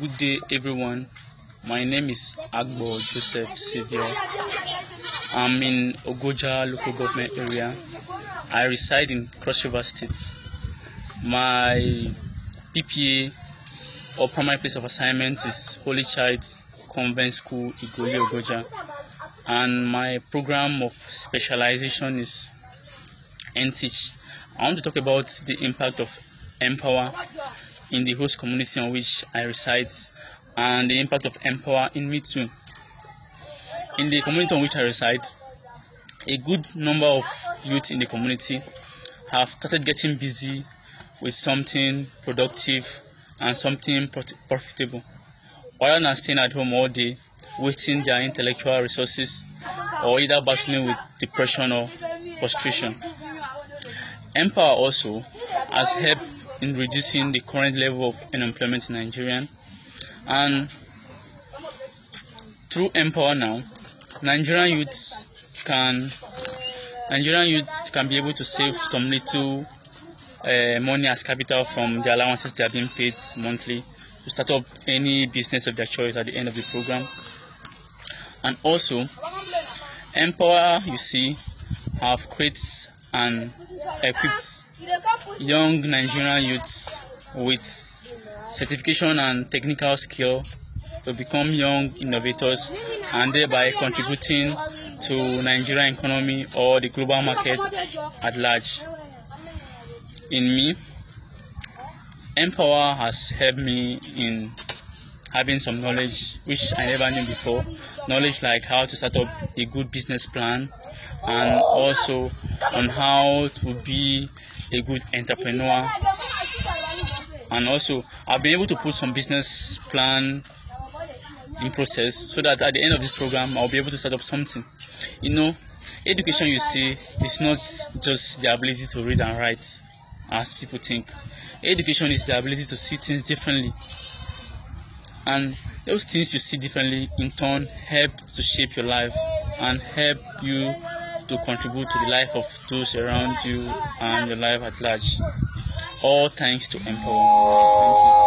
Good day, everyone. My name is Agbo Joseph Savior. I'm in Ogoja local government area. I reside in Cross River State. My PPA or primary place of assignment is Holy Child Convent School, Igoli Ogoja. And my program of specialization is NTEACH. I want to talk about the impact of Empower in the host community in which I reside and the impact of Empower in me too. In the community in which I reside, a good number of youth in the community have started getting busy with something productive and something profitable rather than staying at home all day wasting their intellectual resources or either battling with depression or frustration. Empower also has helped in reducing the current level of unemployment in Nigeria. And through Empower Now, Nigerian youths can Nigerian youths can be able to save some little uh, money as capital from the allowances they are being paid monthly to start up any business of their choice at the end of the program. And also, Empower, you see, have created and equipped young Nigerian youths with certification and technical skill to become young innovators and thereby contributing to Nigerian economy or the global market at large. In me, Empower has helped me in having some knowledge which I never knew before. Knowledge like how to start up a good business plan and also on how to be a good entrepreneur. And also, I've been able to put some business plan in process so that at the end of this program, I'll be able to start up something. You know, education, you see, is not just the ability to read and write as people think. Education is the ability to see things differently and those things you see differently in turn help to shape your life and help you to contribute to the life of those around you and your life at large all thanks to empower